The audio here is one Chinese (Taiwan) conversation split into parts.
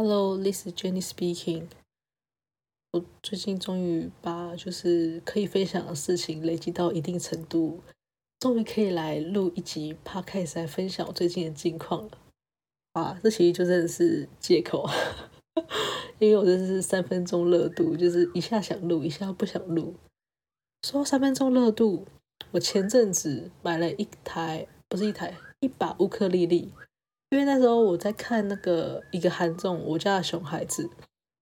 Hello, this is Jenny speaking。我最近終於把就是可以分享的事情累積到一定程度，終於可以來錄一集 podcast 來分享我最近的近況了。啊，這其實就真的是借口 因為我真的是三分鐘熱度，就是一下想錄，一下不想錄。說三分鐘熱度，我前陣子買了一台，不是一台，一把烏克麗麗。因為那時候我在看那個一個韓綜，我家的熊孩子，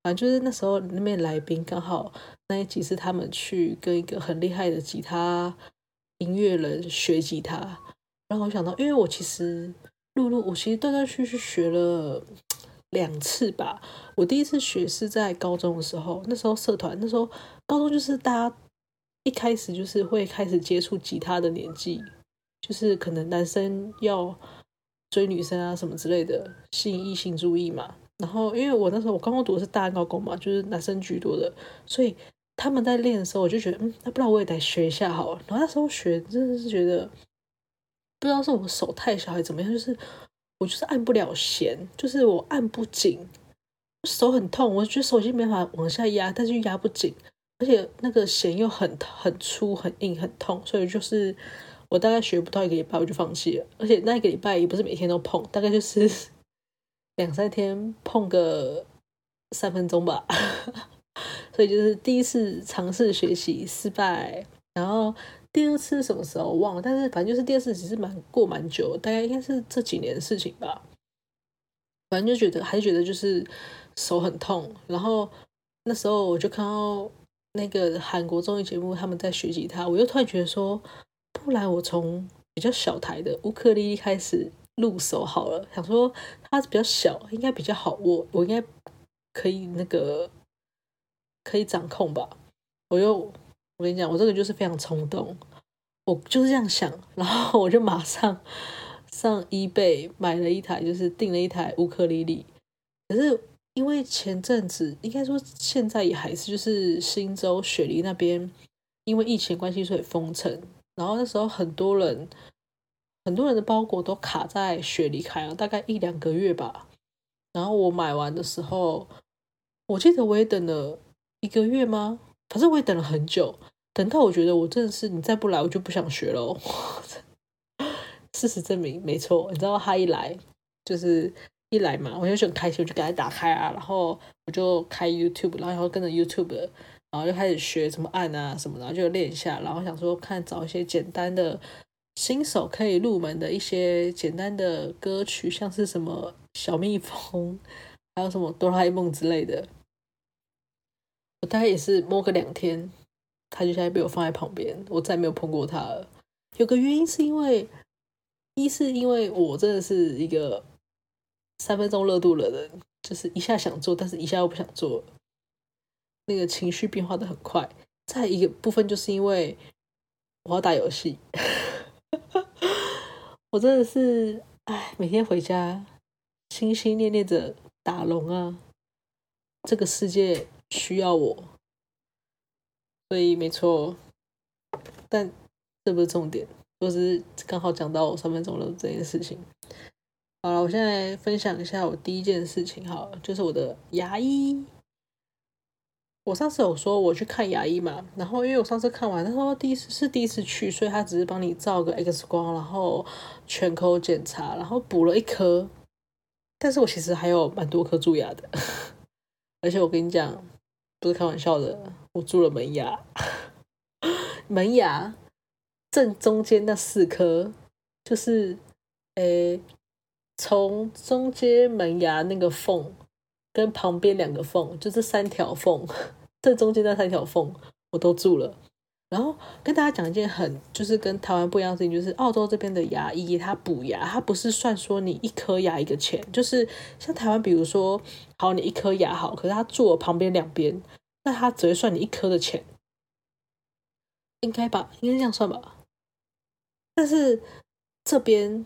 反正就是那時候那邊來賓剛好那一集是他們去跟一個很厲害的吉他音樂人學吉他，然後我想到，因為我其實陸陸，我其實斷斷續續學了兩次吧。我第一次學是在高中的時候，那時候社團，那時候高中就是大家一開始就是會開始接觸吉他的年紀，就是可能男生要。追女生啊，什麼之類的，吸引異性注意嘛。然後，因為我那時候我剛剛讀的是大安高工嘛，就是男生居多的，所以他們在練的時候，我就覺得，嗯，那不知道我也得學一下好了。然後那時候學真的、就是覺得，不知道是我手太小，還是怎麼樣，就是我就是按不了弦，就是我按不緊，手很痛，我覺得手已經沒法往下壓，但是又壓不緊，而且那個弦又很很粗、很硬、很痛，所以就是。我大概學不到一個禮拜，我就放棄了。而且那個禮拜也不是每天都碰，大概就是兩三天碰個三分鐘吧。所以就是第一次嘗試學習失敗，然後第二次什麼時候忘了？但是反正就是第二次其實蠻過蠻久，大概應該是這幾年的事情吧。反正就覺得還是覺得就是手很痛。然後那時候我就看到那個韓國綜藝節目他們在學吉他，我又突然覺得說。不然我從比較小台的烏克麗麗開始入手好了，想說它比較小，應該比較好握，我應該可以那個可以掌控吧。我又我跟你講，我這個就是非常衝動，我就是這樣想，然後我就馬上上 eBay 買了一台，就是訂了一台烏克麗麗。可是因為前陣子，應該說現在也還是就是新州雪梨那邊，因為疫情關係所以封城。然後那時候很多人，很多人的包裹都卡在雪裡開了大概一兩個月吧。然後我買完的時候，我記得我也等了一個月嗎？反正我也等了很久，等到我覺得我真的是你再不來，我就不想學了。 事實證明，沒錯。你知道他一來就是一來嘛，我就想開學，我就給他打開啊，然後我就開 YouTube，然後跟着 YouTube。然後就開始學什麼按啊什麼，然後就練一下。然後想說看找一些簡單的新手可以入門的一些簡單的歌曲，像是什麼小蜜蜂，還有什麼哆啦 A 夢之類的。我大概也是摸個兩天，他就現在被我放在旁邊，我再沒有碰過他了。有個原因是因為，一是因為我真的是一個三分鐘熱度的人，就是一下想做，但是一下又不想做。那個情緒變化的很快，再一個部分就是因為我要打遊戲， 我真的是哎，每天回家心心念念的打龍啊，這個世界需要我，所以沒錯，但這不是重點，就是剛好講到我三分鐘的這件事情。好了，我現在分享一下我第一件事情，好了，就是我的牙醫。我上次有說我去看牙醫嘛？然後因為我上次看完，他說第一次是第一次去，所以他只是幫你照個 X 光，然後全口檢查，然後補了一顆。但是我其實還有蠻多顆蛀牙的，而且我跟你講，不是開玩笑的，我蛀了門牙，門牙正中間那四顆，就是誒，從中間門牙那個縫，跟旁邊兩個縫，就是三條縫。這中間那三條縫我都住了，然後跟大家講一件很就是跟台灣不一樣的事情，就是澳洲這邊的牙醫他補牙，他不是算說你一顆牙一個錢，就是像台灣，比如說好，你一顆牙好，可是，他住我旁邊兩邊，那他只會算你一顆的錢，應該吧，應該這樣算吧。但是這邊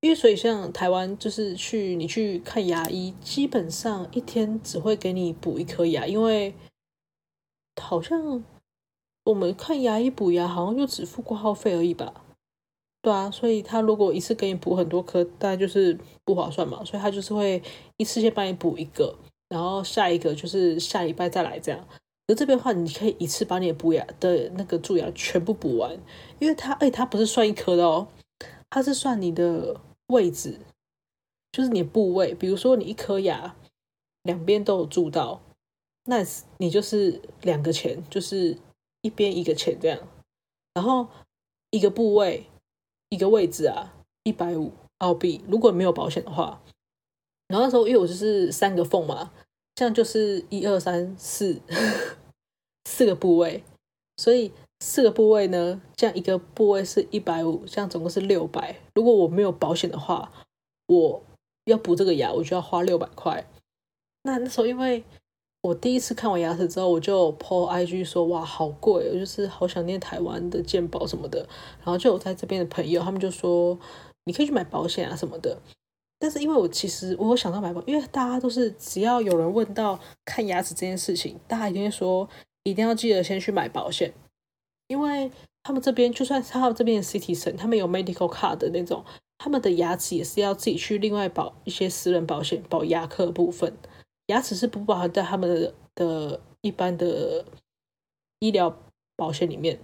因為所以像台灣就是去你去看牙醫，基本上一天只會給你補一顆牙，因為。好像我們看牙醫補牙，好像就只付掛號費而已吧？對啊，所以他如果一次給你補很多顆，大概就是不划算嘛。所以他就是會一次性幫你補一個，然後下一個就是下禮拜再來這樣。而這邊的話，你可以一次把你的補牙的那個蛀牙全部補完，因為它哎，它、欸、不是算一顆的哦，它是算你的位置，就是你的部位。比如說你一顆牙兩邊都有蛀到。那你就是兩個錢，就是一邊一個錢這樣，然後一個部位一個位置啊，一百五澳幣。如果沒有保險的話，然後那時候因為我就是三個縫嘛，這樣就是一二三四四個部位，所以四個部位呢，這樣一個部位是一百五，這樣總共是六百。如果我沒有保險的話，我要補這個牙，我就要花六百塊。那那時候因為我第一次看完牙齒之後，我就 po IG 說：“哇，好貴！我就是好想念台灣的健保什麼的。”然後就有在這邊的朋友，他們就說：“你可以去買保險啊什麼的。”但是因為我其實我有想到買保，因為大家都是只要有人問到看牙齒這件事情，大家一定會說一定要記得先去買保險，因為他們這邊就算他們這邊的 citizen，他們有 Medical card 的那種，他們的牙齒也是要自己去另外保一些私人保險，保牙科的部分。牙齒是不包含在他們的的一般的醫療保險裡面，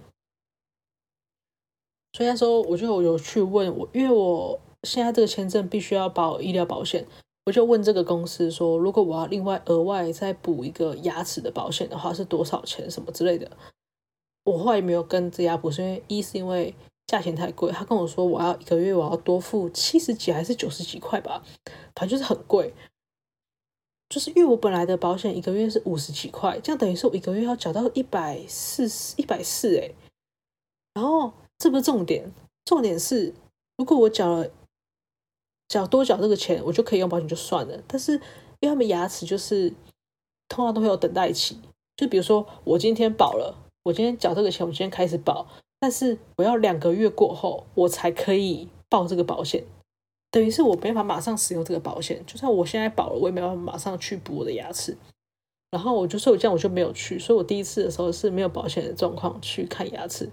所以那時候我就有去問我，因為我現在這個簽證必須要保醫療保險，我就問這個公司說，如果我要另外額外再補一個牙齒的保險的話，是多少錢什麼之類的。我後來也沒有跟這牙補，是因為一是因為價錢太貴，他跟我說我要一個月我要多付七十幾還是九十幾塊吧，反正就是很貴。就是因為我本來的保險一個月是五十幾塊，這樣等於是我一個月要繳到一百四，一百四誒，然後這不是重點，重點是如果我繳了繳多繳這個錢，我就可以用保險就算了。但是因為他們牙齒就是通常都會有等待期，就比如說我今天保了，我今天繳這個錢，我今天開始保，但是我要兩個月過後我才可以報這個保險。等於是我沒法馬上使用這個保險，就算我現在保了，我也沒辦法馬上去補我的牙齒。然後我就說我這樣，我就沒有去，所以我第一次的時候是沒有保險的狀況去看牙齒。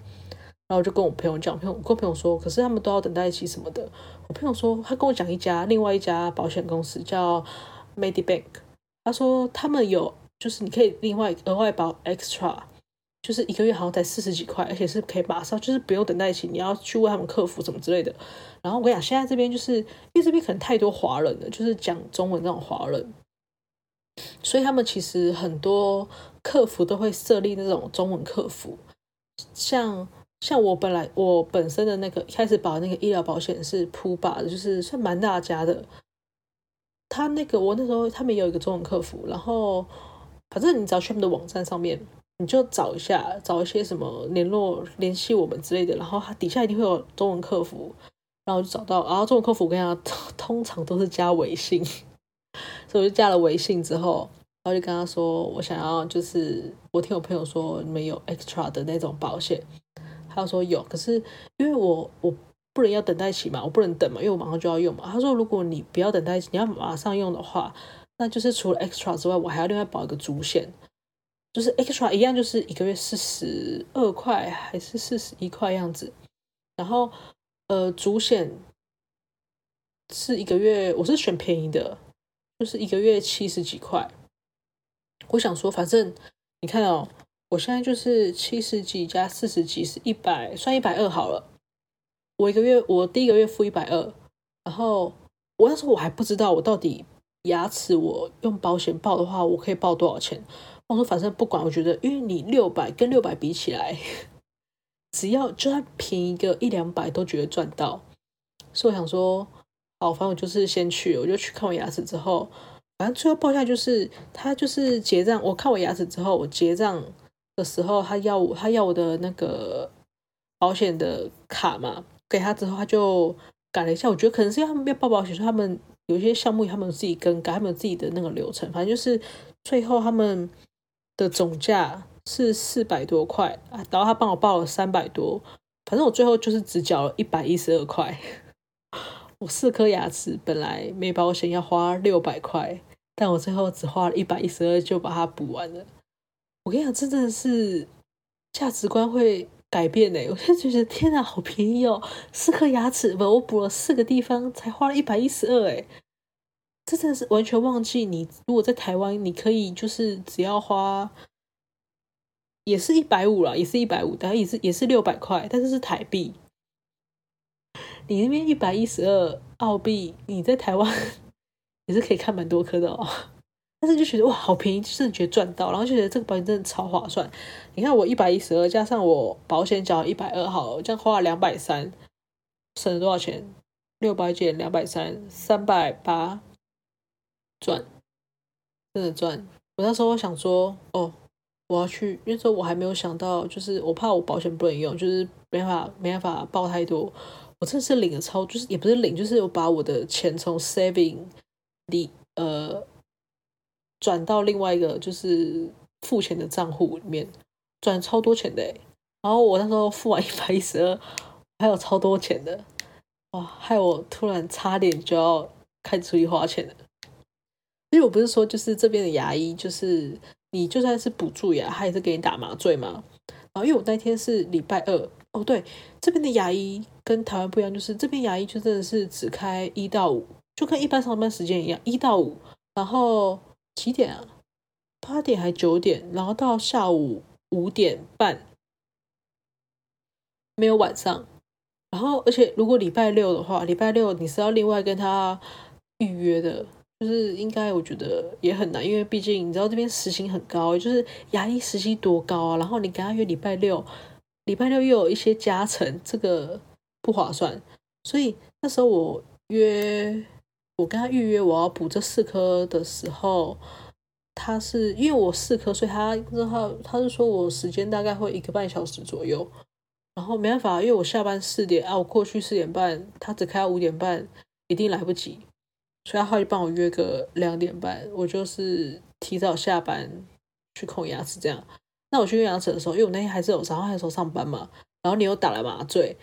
然後我就跟我朋友講，朋友我跟我朋友說，可是他們都要等待期什麼的。我朋友說，他跟我講一家另外一家保險公司叫 Medibank，他說他們有就是你可以另外額外保 extra。就是一個月好像才四十幾塊，而且是可以馬上，就是不用等待期。你要去問他們客服什麼之類的。然後我跟你講，現在這邊就是因為這邊可能太多華人了，就是講中文那種華人，所以他們其實很多客服都會設立那種中文客服。像像我本來我本身的那個開始把那個醫療保險是鋪把的，就是算蠻大家的。他那個我那時候他們也有一個中文客服，然後反正你只要去他們的網站上面。你就找一下，找一些什麼聯絡聯繫我們之類的，然後他底下一定會有中文客服，然後我就找到然後、啊、中文客服我跟他通常都是加微信， 所以我就加了微信之後，然後就跟他說我想要就是我聽我朋友說你們有 extra 的那種保險，他說有，可是因為我我不能要等待期嘛，我不能等嘛，因為我馬上就要用嘛。他說如果你不要等待期，你要馬上用的話，那就是除了 extra 之外，我還要另外保一個主險。就是 extra 一樣，就是一個月四十二塊還是四十一塊樣子。然後，呃，主險是一個月，我是選便宜的，就是一個月七十幾塊。我想說，反正你看哦，我現在就是七十幾加四十幾，是一百，算一百二好了。我一個月，我第一個月付一百二。然後，我那時候我還不知道，我到底牙齒我用保險報的話，我可以報多少錢。我說反正不管，我覺得因為你六百跟六百比起來，只要就算便宜個一兩百都覺得賺到，所以我想說，好，反正我就是先去，我就去看我牙齒之後，反正最後報價就是他就是結賬，我看我牙齒之後，我結賬的時候他要我他要我的那個保險的卡嘛，給他之後他就改了一下，我覺得可能是要他們要報保險，說他們有一些項目他們自己更改，他們自己的那個流程，反正就是最後他們。的總價是四百多塊，然後他幫我報了三百多，反正我最後就是只繳了一百一十二塊。 我四顆牙齒本來沒保險要花六百塊，但我最後只花了一百一十二就把它補完了。我跟你講，真的是價值觀會改變誒，我現在覺得，天啊，好便宜哦，四顆牙齒吧，我補了四個地方才花了一百一十二誒。這真的是完全忘記。你如果在台灣，你可以就是只要花，也是一百五了，也是一百五，但也是也是六百塊，但是是台幣。你那邊一百一十二澳幣，你在台灣也是可以看蠻多顆的哦。但是就覺得哇，好便宜，就是覺得賺到，然後就覺得這個保險真的超划算。你看我一百一十二加上我保險繳一百二，好，這樣花了兩百三，省了多少錢？六百減兩百三，三百八。賺，真的賺！我那時候想說，哦，我要去，因為說我還沒有想到，就是我怕我保險不能用，就是沒辦法沒辦法報太多。我真的是領了超，就是也不是領，就是我把我的錢從 saving 裡呃轉到另外一個就是付錢的賬戶裡面，轉超多錢的。然後我那時候付完一百一十二，還有超多錢的，哇、哦！害我突然差點就要開出去花錢了。其實我不是說，就是這邊的牙醫，就是你就算是補蛀牙，他也是給你打麻醉嘛，然後因為我那天是禮拜二，哦，對，這邊的牙醫跟台灣不一樣，就是這邊牙醫就真的是只開一到五，就跟一般上班時間一樣，一到五，然後七點啊、啊八點還九點，然後到下午五點半，沒有晚上。然後，而且如果禮拜六的話，禮拜六你是要另外跟他預約的。就是應該，我覺得也很難，因為畢竟你知道這邊時薪很高，就是牙醫時薪多高啊。然後你跟他約禮拜六，禮拜六又有一些加成，這個不划算。所以那時候我約，我跟他預約我要補這四顆的時候，他是因為我四顆，所以他他他是說我時間大概會一個半小時左右。然後沒辦法，因為我下班四點啊，我過去四點半，他只開到五點半，一定來不及。所以他好意幫我約個兩點半，我就是提早下班去控牙齒這樣。那我去控牙齒的時候，因為我那天還是有上然後還是候上班嘛，然後你又打了麻醉，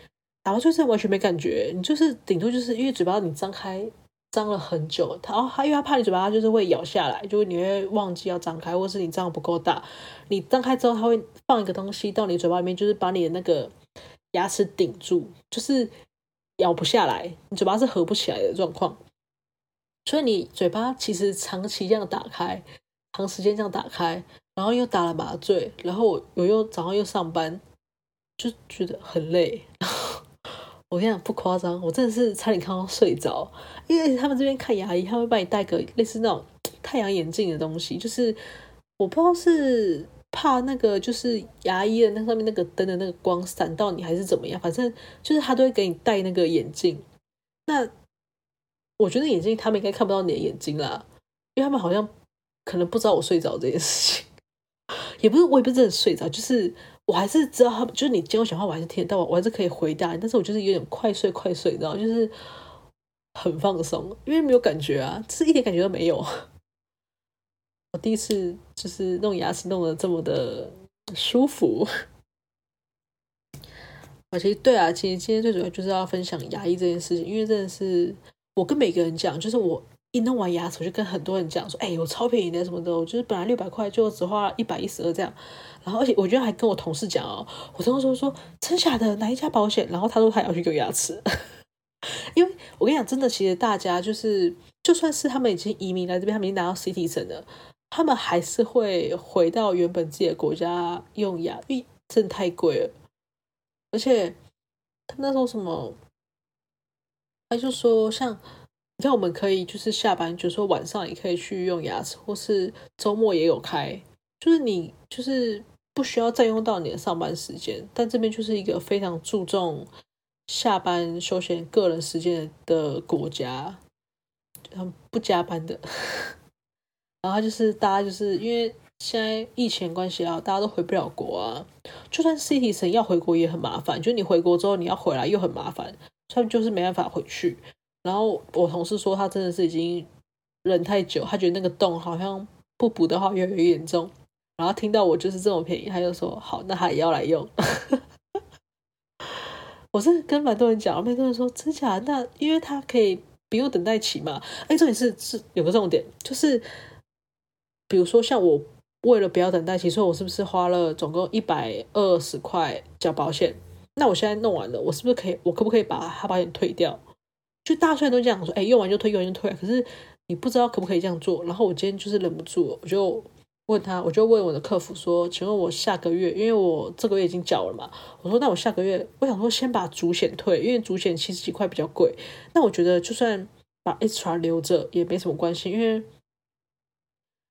打麻醉是完全沒感覺，你就是頂多就是因為嘴巴你張開張了很久，他哦他因為他怕你嘴巴他就是會咬下來，就你會忘記要張開，或者是你張不夠大，你張開之後他會放一個東西到你嘴巴裡面，就是把你的那個牙齒頂住，就是咬不下來，你嘴巴是合不起來的狀況。所以你嘴巴其實長期這樣打開，長時間這樣打開，然後又打了麻醉，然後我又，又早上又上班，就覺得很累。我跟你講不誇張，我真的是差點看到睡着。因為他們這邊看牙醫，他會幫你戴個類似那種太陽眼鏡的東西，就是我不知道是怕那個就是牙醫的那上面那個燈的那個光閃到你，還是怎麼樣。反正就是他都會給你戴那個眼鏡。那我覺得眼睛，他們應該看不到你的眼睛啦，因為他們好像可能不知道我睡着這件事情，也不是，我也不是真的睡着，就是我還是知道，他們就是你叫我講話，我還是聽得到，我我還是可以回答。但是我就是有點快睡，快睡，然後就是很放鬆，因為沒有感覺啊，是一點感覺都沒有。我第一次就是弄牙齒弄得這麼的舒服，而且對啊，其實今天最主要就是要分享牙醫這件事情，因為真的是。我跟每個人講，就是我一弄完牙齒，我就跟很多人講說，哎、欸，我超便宜的什麼的，就是本來六百塊就只花一百一十二這樣。然後，而且我居然還跟我同事講哦，我同事說說真假的，哪一家保險？然後他說他要去做牙齒， 因為我跟你講，真的，其實大家就是，就算是他們已經移民來這邊，他們已經拿到 CT 證了，他們還是會回到原本自己的國家用牙，因為真的太貴了，而且他們那時候什麼？他就是說像，像像我們可以就是下班，就是、說晚上也可以去用牙齒，或是周末也有開，就是你就是不需要占用到你的上班時間。但這邊就是一個非常注重下班休閒個人時間的國家，就不加班的。 然後就是大家就是因為現在疫情關係啊，大家都回不了國啊，就算 city 神要回國也很麻煩，就是、你回國之後你要回來又很麻煩。他們就是沒辦法回去。然後我同事說，他真的是已經忍太久，他覺得那個洞好像不補的話越來越嚴重。然後聽到我就是這種便宜，他就說：“好，那他也要來用。 ”我是跟蠻多人講，蠻多人說：“真假的？”那因為他可以不用等待期嘛。哎、欸，重點是是有個重點，就是比如說像我為了不要等待期，所以我是不是花了總共一百二十塊交保險？那我現在弄完了，我是不是可以？我可不可以把它保險退掉？就大家都講說，哎、欸，用完就退，用完就退。可是你不知道可不可以這樣做。然後我今天就是忍不住，我就問他，我就問我的客服說：“請問我下個月，因為我這個月已經繳了嘛？”我說：“那我下個月，我想說先把主險退，因為主險七十幾塊比較貴。那我覺得就算把 extra 留着也沒什麼關係，因為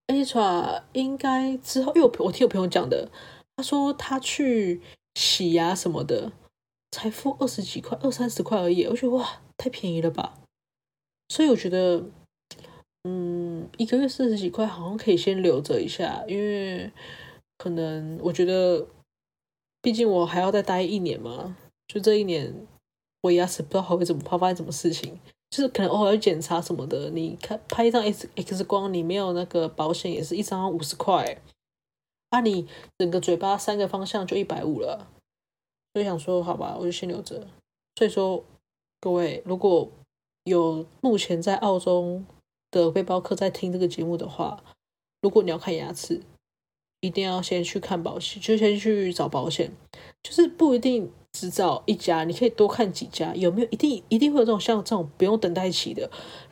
extra 應該之後，因為我我聽我朋友講的，他說他去洗牙、啊、什麼的。”才付二十幾塊，二三十塊而已，我覺得哇，太便宜了吧。所以我覺得，嗯，一個月四十幾塊，好像可以先留着一下，因為可能我覺得，畢竟我還要再待一年嘛。就這一年，我牙齒不知道還會怎麼怕發生，什麼事情，就是可能偶爾檢查什麼的，你看拍一張 X X 光，你沒有那個保險，也是一張五十塊，啊，你整個嘴巴三個方向就一百五了。所以想說，好吧，我就先留着。所以說，各位，如果有目前在澳洲的背包客在聽這個節目的話，如果你要看牙齒，一定要先去看保險，就先去找保險。就是不一定只找一家，你可以多看幾家。有沒有一定一定會有這種像這種不用等待期的？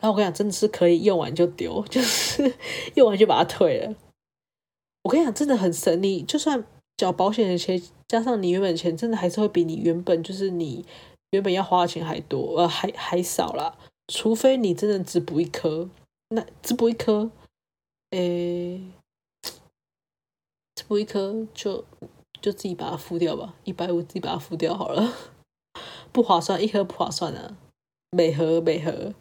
然後我跟你講，真的是可以用完就丟，就是用完就把它退了。我跟你講，真的很神秘，就算繳保險的錢。加上你原本錢，真的還是會比你原本，就是你原本要花的錢還多，呃，還還少啦，除非你真的只補一顆，那只補一顆，誒。只補一顆、欸、就就自己把它付掉吧，一百五自己把它付掉好了，不划算，一顆不划算啊，每盒每盒。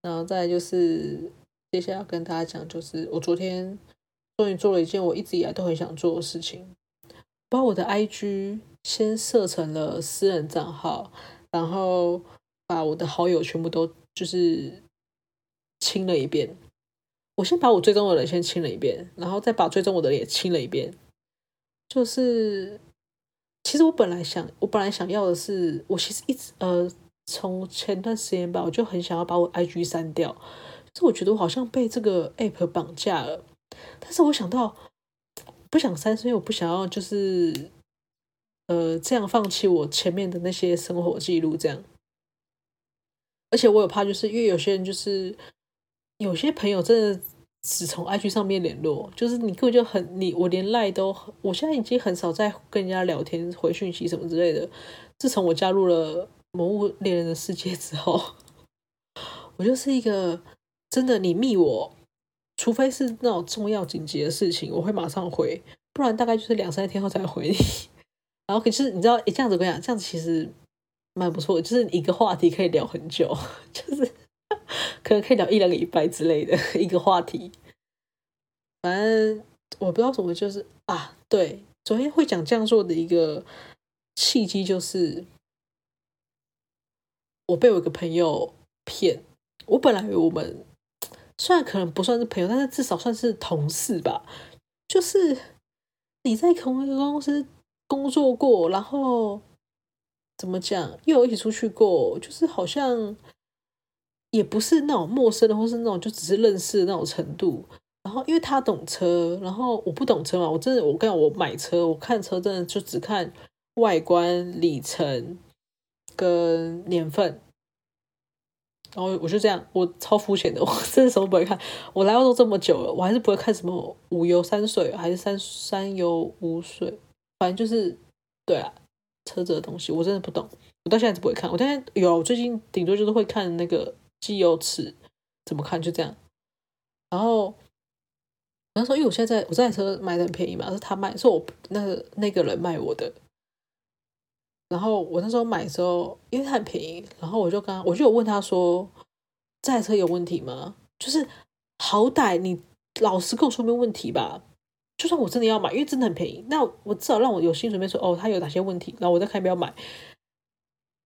然後再來就是接下來要跟大家講，就是我昨天終於做了一件我一直以來都很想做的事情。把我的 IG 先設成了私人賬號，然後把我的好友全部都就是清了一遍。我先把我追蹤的人先清了一遍，然後再把追蹤我的人也清了一遍。就是，其實我本來想，我本來想要的是，我其實一直呃，從前段時間吧，我就很想要把我 IG 刪掉，就是，我覺得我好像被這個 app 綁架了，但是我想到。不想刪，所以我不想要，就是，呃，這樣放棄我前面的那些生活記錄，這樣。而且我有怕，就是因為有些人就是，有些朋友真的只從 IG 上面聯絡，就是你根本就很你，我連賴都，我現在已經很少在跟人家聊天、回訊息什麼之類的。自從我加入了《魔物獵人的世界》之後，我就是一個真的你密我。除非是那種重要緊急的事情，我會馬上回；不然大概就是兩三天後才回你。然後可是你知道，這樣子跟我講，這樣子其實蠻不錯的，就是一個話題可以聊很久，就是可能可以聊一兩個禮拜之類的一個話題。反正我不知道怎麼，就是啊，對，昨天會講這樣做的一個契機就是，我被我一個朋友騙。我本來以為我們。雖然可能不算是朋友，但是至少算是同事吧。就是你在同一個公司工作過，然後怎麼講，又有一起出去過，就是好像也不是那種陌生的，或是那種就只是認識的那種程度。然後因為他懂車，然後我不懂車嘛，我真的我跟我買車，我看車真的就只看外觀、里程跟年份。然後我就這樣，我超膚淺的，我真的什麼不會看。我來澳洲這麼久了，我還是不會看什麼五油三水還是三三油五水，反正就是對啊，車子的東西我真的不懂。我到現在還是不會看，我到現在有我最近頂多就是會看那個機油尺，怎麼看就這樣。然後然後說，因為我現在我這台車買的很便宜嘛，是他賣，是我那個、那個人賣我的。然後我那時候買的時候，因為它很便宜，然後我就剛我就有問他說：“這台車有問題嗎？”就是好歹你老實跟我說沒問題吧？就算我真的要買，因為真的很便宜，那我至少讓我有心理準備說，哦，他有哪些問題，然後我再看不要買。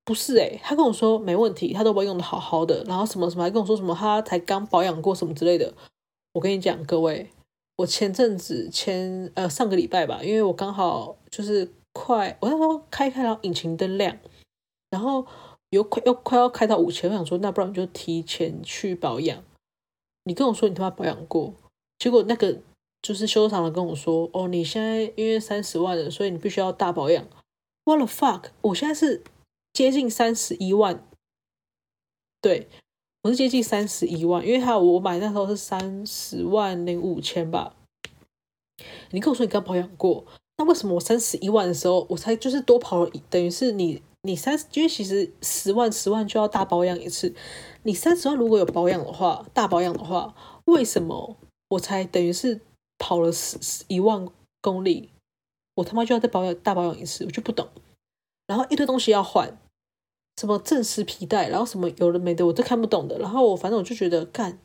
不是誒，他跟我說沒問題，他都把我用的好好的，然後什麼什麼還跟我說什麼他才剛保養過什麼之類的。我跟你講，各位，我前陣子前呃上個禮拜吧，因為我剛好就是。快！我那時候開開了，引擎燈亮，然後有快又快要開到五千，我想說，那不然你就提前去保養。你跟我說你他媽保養過，結果那個就是修廠的跟我說，哦，你現在因為三十萬了，所以你必須要大保養。What the fuck！我現在是接近三十一萬，對，我是接近三十一萬，因為他我買那時候是三十萬零五千吧。你跟我說你剛保養過。為什麼我三十一萬的時候，我才就是多跑了，等於是你你三十，因為其實十萬十萬就要大保養一次。你三十萬如果有保養的話，大保養的話，為什麼我才等於是跑了十十一萬公里，我他媽就要再保養大保養一次，我就不懂。然後一堆東西要換，什麼正時皮帶，然後什麼有的沒的我都看不懂的。然後我反正我就覺得幹。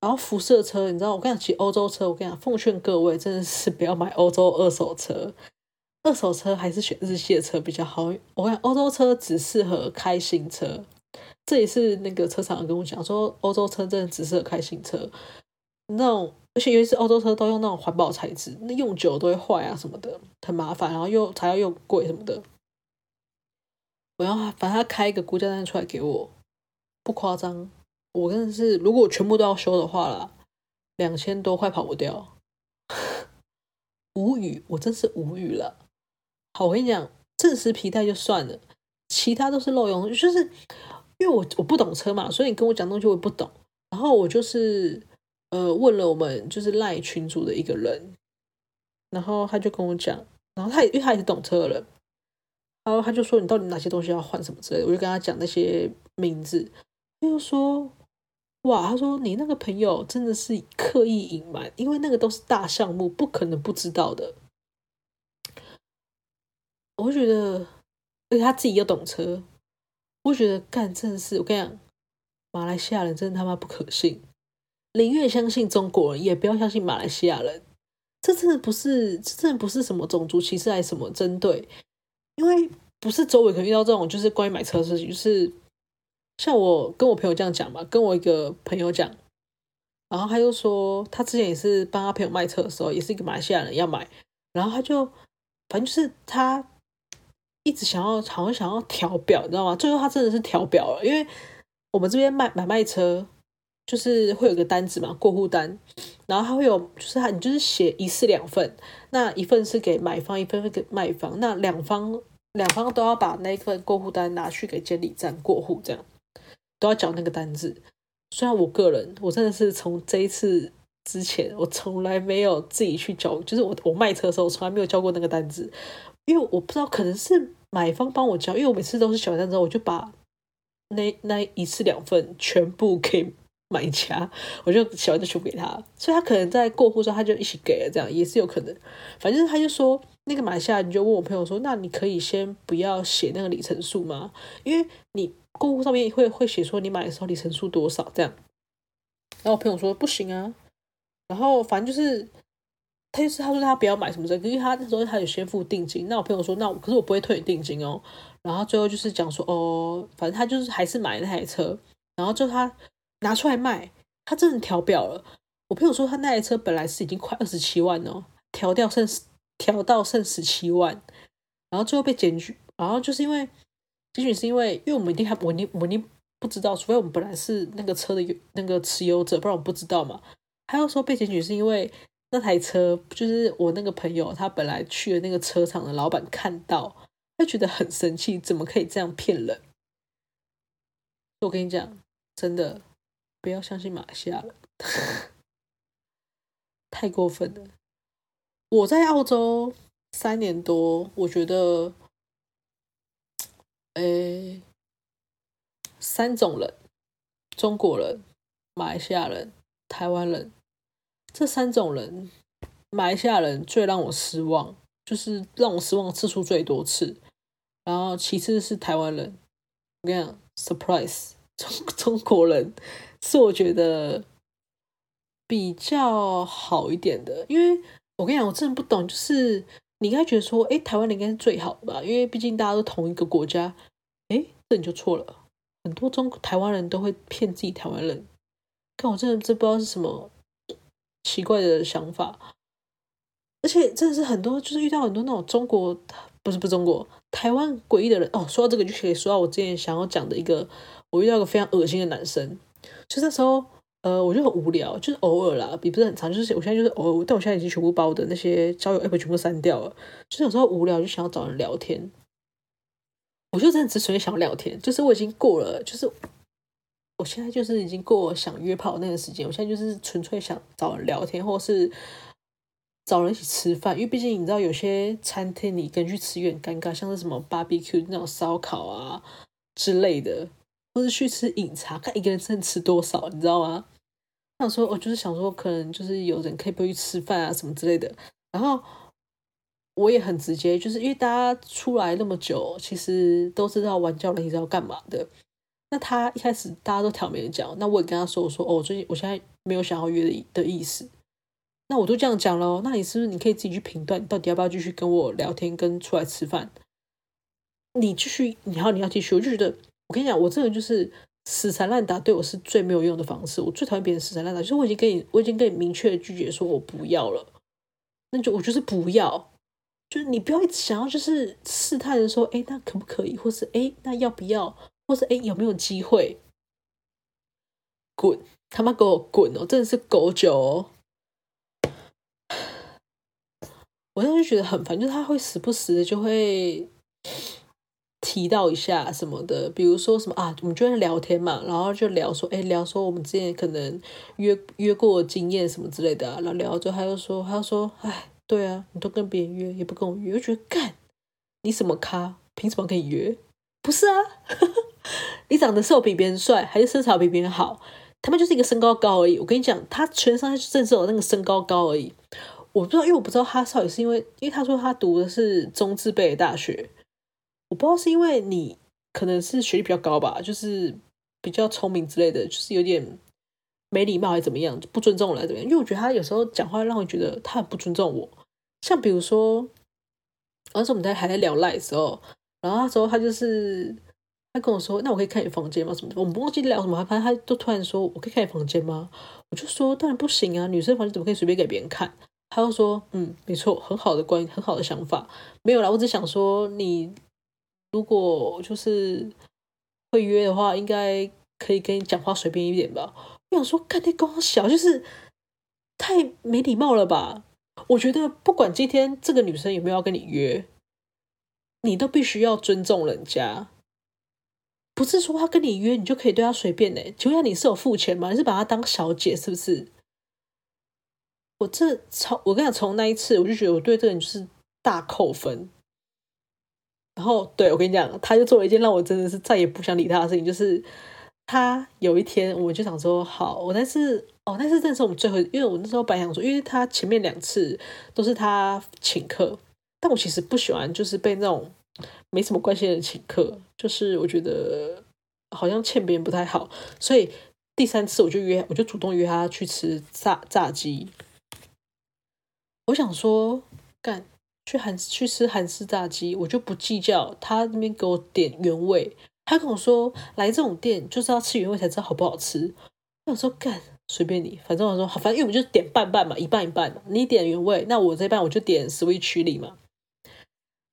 然後輻射車，你知道我跟你講，騎歐洲車，我跟你講，奉勸各位真的是不要買歐洲二手車，二手車還是選日系的車比較好。我看歐洲車只適合開新車，這也是那個車廠跟我講說，歐洲車真的只適合開新車。那種而且尤其是歐洲車都用那種環保材質，那用久都會壞啊什麼的，很麻煩，然後又材料又貴什麼的。我要反正他開一個估價單出來給我，不誇張。我真的是，如果我全部都要修的話啦，啦兩千多塊跑不掉。 無語，我真是無語了。好，我跟你講，正時皮帶就算了，其他都是漏用，就是因為我我不懂車嘛，所以你跟我講東西我也不懂。然後我就是呃問了我們就是賴群組的一個人，然後他就跟我講，然後他也因為他也是懂車的，然後他就說你到底哪些東西要換什麼之類的，我就跟他講那些名字，他就說。哇，他說你那個朋友真的是刻意隱瞞，因為那個都是大項目，不可能不知道的。我會覺得，而且他自己又懂車，我覺得幹真的是，我跟你講，馬來西亞人真的他媽不可信，寧願相信中國人，也不要相信馬來西亞人。這真的不是，這真的不是什麼種族歧視還是什麼針對，因為不是周圍可遇到這種就乖，就是關於買車的事情，就是。像我跟我朋友這樣講嘛，跟我一個朋友講，然後他就說，他之前也是幫他朋友賣車的時候，也是一個馬來西亞人要買，然後他就，反正就是他一直想要，好像想要調表，你知道嗎？最後他真的是調表了，因為我們這邊賣買賣車，就是會有個單子嘛，過戶單，然後他會有，就是他你就是寫一式兩份，那一份是給買方，一份是給賣方，那兩方兩方都要把那一份過戶單拿去給監理站過戶，這樣。都要交那個單子，雖然我個人，我真的是從這一次之前，我從來沒有自己去交，就是我我賣車的時候，我從來沒有交過那個單子，因為我不知道可能是買方幫我交，因為我每次都是寫完單子，我就把那那一次兩份全部給買家，我就寫完就全部給他，所以他可能在過戶之後，他就一起給了，這樣也是有可能。反正他就說。那個買下來，你就問我朋友說：“那你可以先不要寫那個里程數嗎？因為你過戶上面會會寫說你買的時候里程數多少這樣。”然後我朋友說：“不行啊。”然後反正就是他就是他說他不要買什麼車，因為他那時候他有先付定金。那我朋友說：“那可是我不會退你定金哦。”然後最後就是講說：“哦，反正他就是還是買了那台車，然後就他拿出來賣，他真的調表了。”我朋友說：“他那台車本來是已經快二十七萬哦，調掉剩。”調到剩十七萬，然後最後被檢舉，然後就是因為檢舉是因為因為我們一定還我寧我一定不知道，除非我們本來是那個車的那個持有者，不然我不知道嘛。還有說被檢舉是因為那台車，就是我那個朋友他本來去了那個車廠的老板看到，他覺得很生氣，怎麼可以這樣騙人？所以我跟你講，真的不要相信馬來西亞，了， 太過分了。我在澳洲三年多，我覺得，誒、欸，三種人：中國人、馬來西亞人、台灣人。這三種人，馬來西亞人最讓我失望，就是讓我失望的次數最多次。然後，其次是台灣人。我跟你講，surprise，中中國人是我覺得比較好一點的，因為。我跟你講，我真的不懂，就是你應該覺得說，哎、欸，台灣人應該是最好的吧，因為畢竟大家都同一個國家。哎、欸，這你就錯了。很多中國台灣人都會騙自己台灣人。但，我真的真不知道是什麼奇怪的想法。而且真的是很多，就是遇到很多那種中國不是不是中國台灣詭異的人。哦，說到這個，就可以說到我之前想要講的一個，我遇到一個非常噁心的男生，就那時候。呃，我就很無聊，就是偶爾啦，也不是很長，就是我現在就是偶爾，但我現在已經全部把我的那些交友 app 全部刪掉了，就是有時候無聊就想要找人聊天，我就真的只純粹想聊天，就是我已經過了，就是我現在就是已經過想約炮那個時間，我現在就是純粹想找人聊天，或是找人一起吃飯，因為畢竟你知道有些餐廳你跟去吃有點尷尬，像是什麼 barbecue 那種燒烤啊之類的。就是去吃飲茶，看一個人真的吃多少，你知道嗎？他說：“我就是想說，可能就是有人可以不去吃飯啊，什麼之類的。”然後我也很直接，就是因為大家出來那麼久，其實都知道玩交了你知道幹嘛的。那他一開始大家都挑眉的講，那我也跟他說：“我說哦，最近我現在沒有想要約的的意思。”那我就這樣講了，那你是不是你可以自己去評斷，你到底要不要繼續跟我聊天，跟出來吃飯？你繼續，然後你要繼續，我就覺得。我跟你講，我這個就是死纏爛打，對我是最沒有用的方式。我最討厭別人死纏爛打，就是我已經跟你，我已經跟你明確的拒絕，說我不要了。那就我就是不要，就是你不要一直想要，就是試探的說，欸，那可不可以？或是欸，那要不要？或是欸，有沒有機會？滾！他媽給我滾！哦，真的是狗酒喔！我那時候就覺得很煩，就是他會時不時的就會。提到一下什麼的，比如說什麼啊，我們就在聊天嘛，然後就聊說，哎，聊說我們之前可能約約過經驗什麼之類的，啊，然後聊着他就說，他又說，哎，對啊，你都跟別人約，也不跟我約，又覺得幹，你什麼咖，憑什麼可以約？不是啊，呵呵，你長得是我比別人帥，還是身材比別人好？他們就是一個身高高而已。我跟你講，他全身上下就正是我那個身高高而已。我不知道，因為我不知道他少也是因為，因為他說他讀的是中字輩的大學。我不知道是因為你可能是學歷比較高吧，就是比較聰明之類的，就是有點沒禮貌還是怎麼樣，不尊重我，還是怎麼樣？因為我覺得他有時候講話讓我覺得他很不尊重我。像比如說，那時候我們在還在聊 LINE 的時候，然後那時候他就是他跟我說：“那我可以看你房間嗎？”什麼？我們不忘記聊什麼，反正他都突然說：“我可以看你房間嗎？”我就說：“當然不行啊，女生房間怎麼可以隨便給別人看？”他就說：“嗯，沒錯，很好的關，很好的想法。”沒有啦，我只想說你。如果就是會約的話，應該可以跟你講話隨便一點吧。我想說，乾爹高小就是太沒禮貌了吧？我覺得不管今天這個女生有沒有要跟你約，你都必須要尊重人家。不是說她跟你約，你就可以對她隨便哎？請問一下，你是有付錢嗎？你是把她當小姐是不是？我這從，我跟你講，從那一次我就覺得我對這個女生就是大扣分。然後，對，我跟你講，他就做了一件讓我真的是再也不想理他的事情，就是他有一天，我就想說好，我但是哦，但是但是我們最後，因為我那時候本來想說，因為他前面兩次都是他請客，但我其實不喜歡，就是被那種沒什麼關係的人請客，就是我覺得好像欠別人不太好，所以第三次我就約，我就主動約他去吃炸炸雞，我想說幹。去韓去吃韓式炸雞，我就不計較他那邊給我點原味。他跟我說，來這種店就是要吃原味才知道好不好吃。我說幹隨便你，反正我說好，反正因為我們就點半半嘛，一半一半嘛。你點原味，那我這半我就點 switch 里嘛。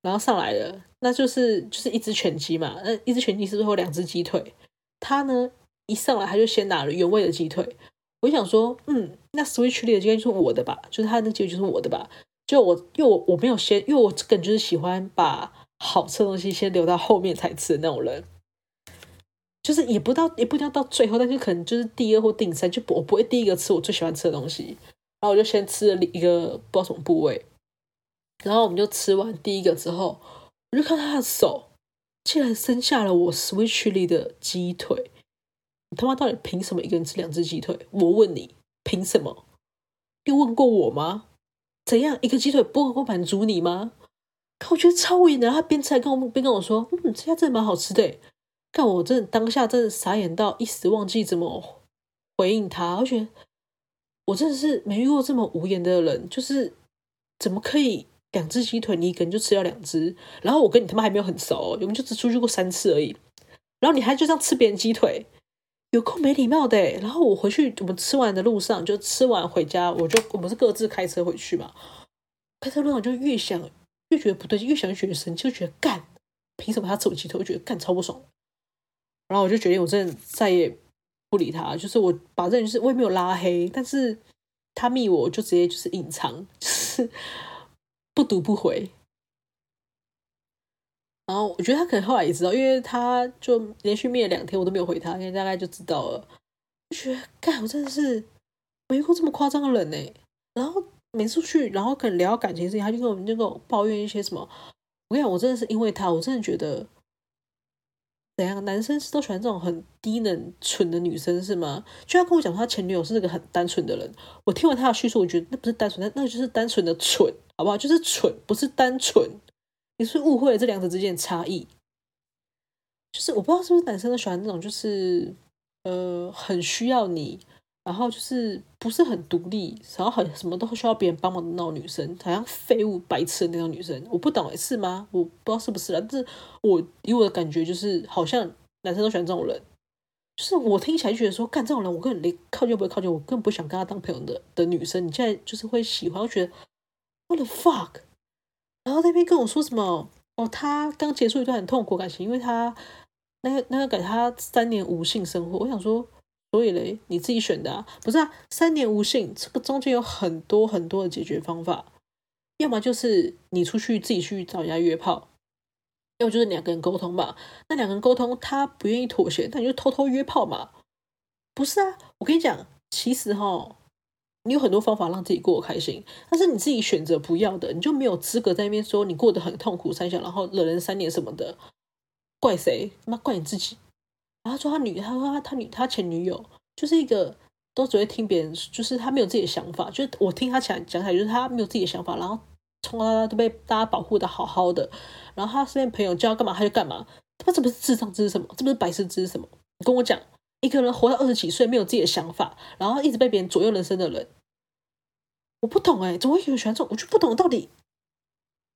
然後上來了，那就是就是一隻全雞嘛，那一隻全雞是最後兩隻雞腿。他呢一上來他就先拿了原味的雞腿，我想說，嗯，那 switch 里的雞腿就是我的吧，就是他的雞腿，就是我的吧。就我，因為我我沒有先，因為我這個人就是喜歡把好吃的東西先留到後面才吃的那種人，就是也不到也不一定要到最後，但是可能就是第二或第三，就不我不會第一個吃我最喜歡吃的東西，然後我就先吃了一個不知道什麼部位，然後我們就吃完第一個之後，我就看他的手，竟然生下了我 switch 裡的雞腿，你他媽到底憑什麼一個人吃兩隻雞腿？我問你，憑什麼？你問過我嗎？怎樣？一個雞腿不夠滿足你嗎？可我覺得超無言的。他邊吃還跟我邊跟我說：“嗯，這家真的蠻好吃的。”但我真的當下真的傻眼到一時忘記怎麼回應他。而且，我真的是沒遇過這麼無言的人，就是怎麼可以兩隻雞腿，你一個人就吃掉兩只？然後我跟你他媽還沒有很熟，哦，我們就只出去過三次而已。然後你還就這樣吃別人雞腿？有夠沒禮貌的，然後我回去，我們吃完的路上就吃完回家，我就我們是各自開車回去嘛，開車路上就越想越覺得不對勁，越想越覺得生氣就覺得干，憑什麼他走起頭，就覺得幹超不爽，然後我就決定我真的再也不理他，就是我把這件事我也沒有拉黑，但是他密我就直接就是隱藏，就是不讀不回。然後我覺得他可能後來也知道，因為他就連續滅了兩天，我都沒有回他，應該大概就知道了。就覺得，幹我真的是沒過這麼誇張的人呢。然後沒出去，然後可能聊感情事情，他就跟我那種抱怨一些什麼。我跟你講，我真的是因為他，我真的覺得怎樣？男生是都喜歡這種很低能蠢的女生是嗎？就他跟我講他前女友是個很單純的人。我聽完他的敘述，我覺得那不是單純，那那就是單純的蠢，好不好？就是蠢，不是單純。你是，是誤會了這兩者之間的差異，就是我不知道是不是男生都喜歡那種，就是呃很需要你，然後就是不是很獨立，然後好像什麼都需要別人幫忙的那種女生，好像廢物白痴的那種女生，我不懂誒，是嗎？我不知道是不是啦，但是我以我的感覺就是，好像男生都喜歡這種人，就是我聽起來覺得說，幹這種人，我更連靠近要不會靠近，我更不想跟他當朋友的的女生，你現在就是會喜歡，我覺得 What the fuck。然後那邊跟我說什麼哦？哦，他剛結束一段很痛苦感情，因為他那個那個給他三年無性生活。我想說，所以嘞？你自己選的啊？不是啊，三年無性，這個中間有很多很多的解決方法，要麼就是你出去自己去找人家約炮，要麼就是兩個人溝通吧。那兩個人溝通，他不願意妥協，但你就偷偷約炮嘛。不是啊，我跟你講，其實哈。你有很多方法讓自己過得開心，但是你自己選擇不要的，你就沒有資格在那邊說你過得很痛苦、三小，然後惹人三年什麼的，怪誰？他媽怪你自己！然後他說他女，他說他，他女他前女友就是一個都只會聽別人，就是他沒有自己的想法，就是我聽他講講起來就是他沒有自己的想法，然後從來都被大家保護的好好的，然後他身邊朋友叫他幹嘛他就幹嘛，他這不是智障，這是什麼，這不是白痴，這是什麼，你跟我講。一個人活到二十幾歲，沒有自己的想法，然後一直被別人左右人生的人，我不懂哎、欸，怎麼會有人喜歡這種？我就不懂到底。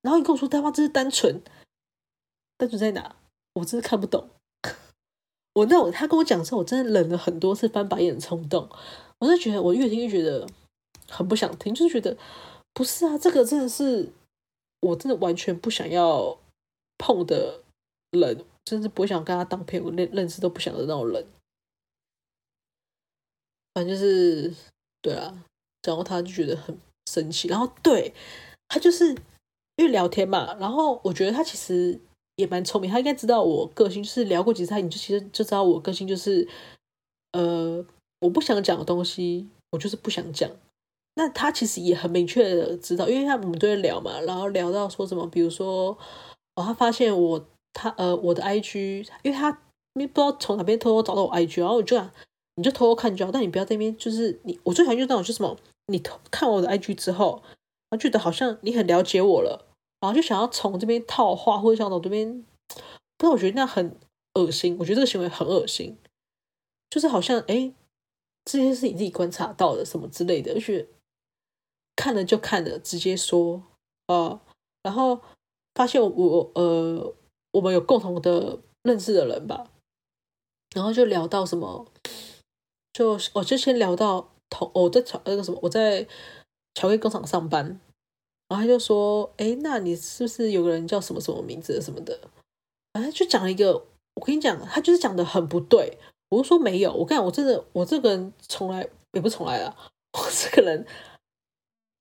然後你跟我說話，他媽這是單純，單純在哪？我真的看不懂。我那我他跟我講的時候，我真的忍了很多次翻白眼的衝動。我就覺得，我越聽越覺得很不想聽，就是覺得不是啊，這個真的是我真的完全不想要碰的人，真是不想跟他當朋友，認認識都不想的那種人。反正就是對啊，然後他就覺得很生氣，然後對，他就是因為聊天嘛，然後我覺得他其實也蠻聰明，他應該知道我個性，就是聊過幾次他，他你就其實就知道我個性就是，呃，我不想講的東西，我就是不想講。那他其實也很明確的知道，因為他，我們都在聊嘛，然後聊到說什麼，比如說哦，他發現我，他呃我的 IG，因為他不知道從哪邊偷偷找到我 IG，然後我就你就偷偷看就好，但你不要在那邊，就是你我最喜歡用那種，就是什麼，你看我的 IG 之後，然後我覺得好像你很了解我了，然後就想要從這邊套話，或者想到這邊，不過我覺得那很惡心，我覺得這個行為很惡心，就是好像，哎，這些是你自己觀察到的什麼之類的，而且看了就看了，直接說啊、呃，然後發現我，我呃，我們有共同的認識的人吧，然後就聊到什麼。就我之前聊到，同、哦、我在那個、呃、什麼，我在巧克力工廠上班，然後他就說：“誒，那你是不是有個人叫什麼什麼名字什麼的？”反正就講了一個，我跟你講，他就是講得很不對。我就說沒有，我跟你講，我真的，我這個人從來也不是從來了，我這個人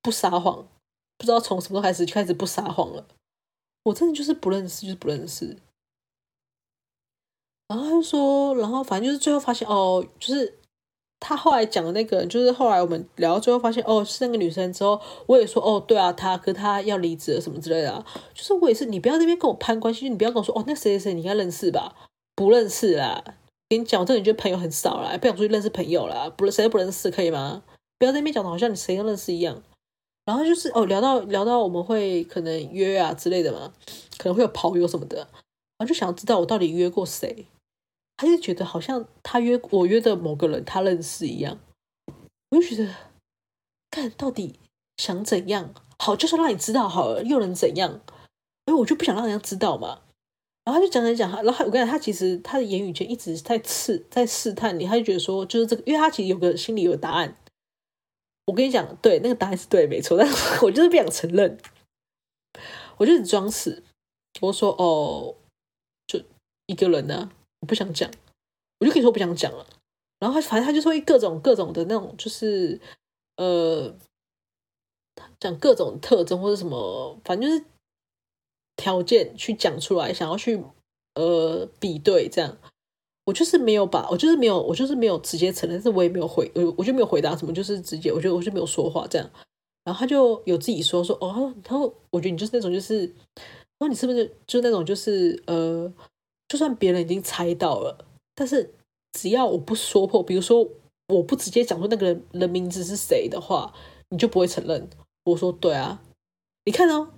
不撒謊。不知道從什麼時候開始，就開始不撒謊了。我真的就是不認識，就是不認識。然後他就說，然後反正就是最後發現，哦，就是。他後來講的那個，就是後來我們聊到最後發現，哦，是那個女生之後，我也說，哦，對啊，她，可是她要離職了什麼之類的、啊，就是我也是，你不要那邊跟我攀關係，你不要跟我說，哦，那誰誰誰你應該認識吧？不認識啦，跟你講、這個，我這裡就朋友很少啦，不想出去認識朋友啦，不，誰都不認識，可以嗎？不要在那邊講的，好像你誰都認識一樣。然後就是，哦，聊到聊到我們會可能約啊之類的嘛，可能會有跑友什麼的，然後就想知道我到底約過誰。他就覺得好像他約我約的某個人他認識一樣，我就覺得，看，到底想怎樣？好，就算讓你知道好了，又能怎樣？因為我就不想讓人家知道嘛。然後他就講講講，然後他，我跟你講，他其實他的言語間一直在刺，在試探你。他就覺得說，就是這個，因為他其實有個心裡有答案。我跟你講，對，那個答案是對，沒錯，但是我就是不想承認，我就是裝死。我說哦，就一個人呢，啊。我不想講，我就可以說不想講了。然後他反正他就是會各種各種的那種，就是呃，他講各種特徵或者什麼，反正就是條件去講出來，想要去呃比對這樣。我就是沒有把，我就是沒有，我就是沒有直接承認，但是我也沒有回，我我就沒有回答什麼，就是直接，我就我就沒有說話這樣。然後他就有自己說說，哦，他說，他說我覺得你就是那種，就是，那你是不是就那種，就是呃。就算別人已經猜到了，但是只要我不說破，比如說我不直接講出那個人的名字是誰的話，你就不會承認。我說對啊，你看哦，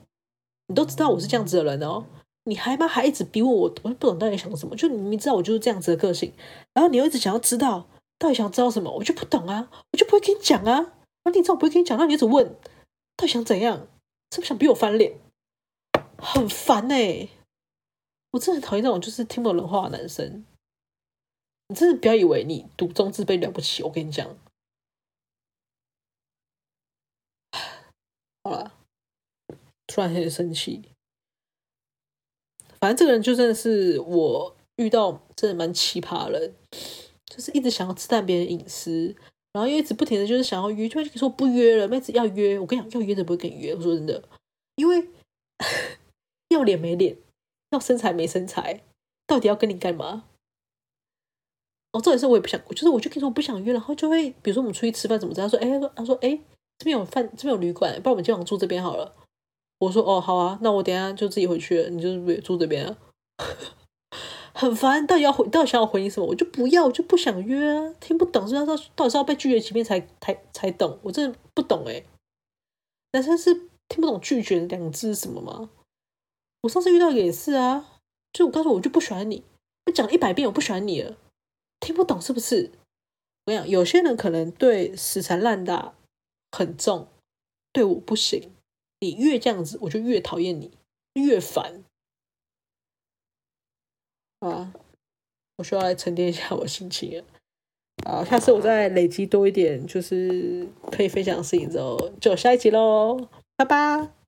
你都知道我是這樣子的人哦，你還嘛還一直逼問我，我就不懂到底想什麼，就明明知道我就是這樣子的個性，然後你又一直想要知道，到底想要知道什麼，我就不懂啊，我就不會跟你講啊。然後你知道我不會跟你講，那你一直問，到底想怎樣？是不是想逼我翻臉？很煩誒、欸我真的討厭那種就是聽不懂人話的男生。你真的不要以為你獨中字輩了不起，我跟你講。好了，突然很生氣。反正這個人就真的是我遇到真的蠻奇葩了，就是一直想要刺探別人隱私，然後又一直不停的就是想要約，就說不約了，妹子要約。我跟你講，要約的不會跟你約。我說真的，因為 要臉沒臉。要身材沒身材，到底要跟你幹嘛？哦，這也是我也不想，就是我就跟你說，我不想約，然後就會比如說我們出去吃飯，怎麼着？她說哎，他說他說哎，這邊有飯，這邊有旅館，不然我們今晚住這邊好了。我說哦，好啊，那我等一下就自己回去了，你就住住這邊啊。 很煩，到底要回到底想要回應什麼？我就不要，我就不想約，啊，聽不懂是要到到底是要被拒絕幾遍才才才懂？我真的不懂哎，欸，男生是聽不懂拒絕的兩字是什麼嗎？我上次遇到的也是啊，就我告訴我，我就不喜歡你，我講了一百遍我不喜歡你了，聽不懂是不是？我跟你講，有些人可能對死纏爛打很重，對我不行，你越這樣子我就越討厭你，越煩。啊，我需要來沉澱一下我心情啊！下次我再累積多一點，就是可以分享事情之後，就下一集嘍，拜拜。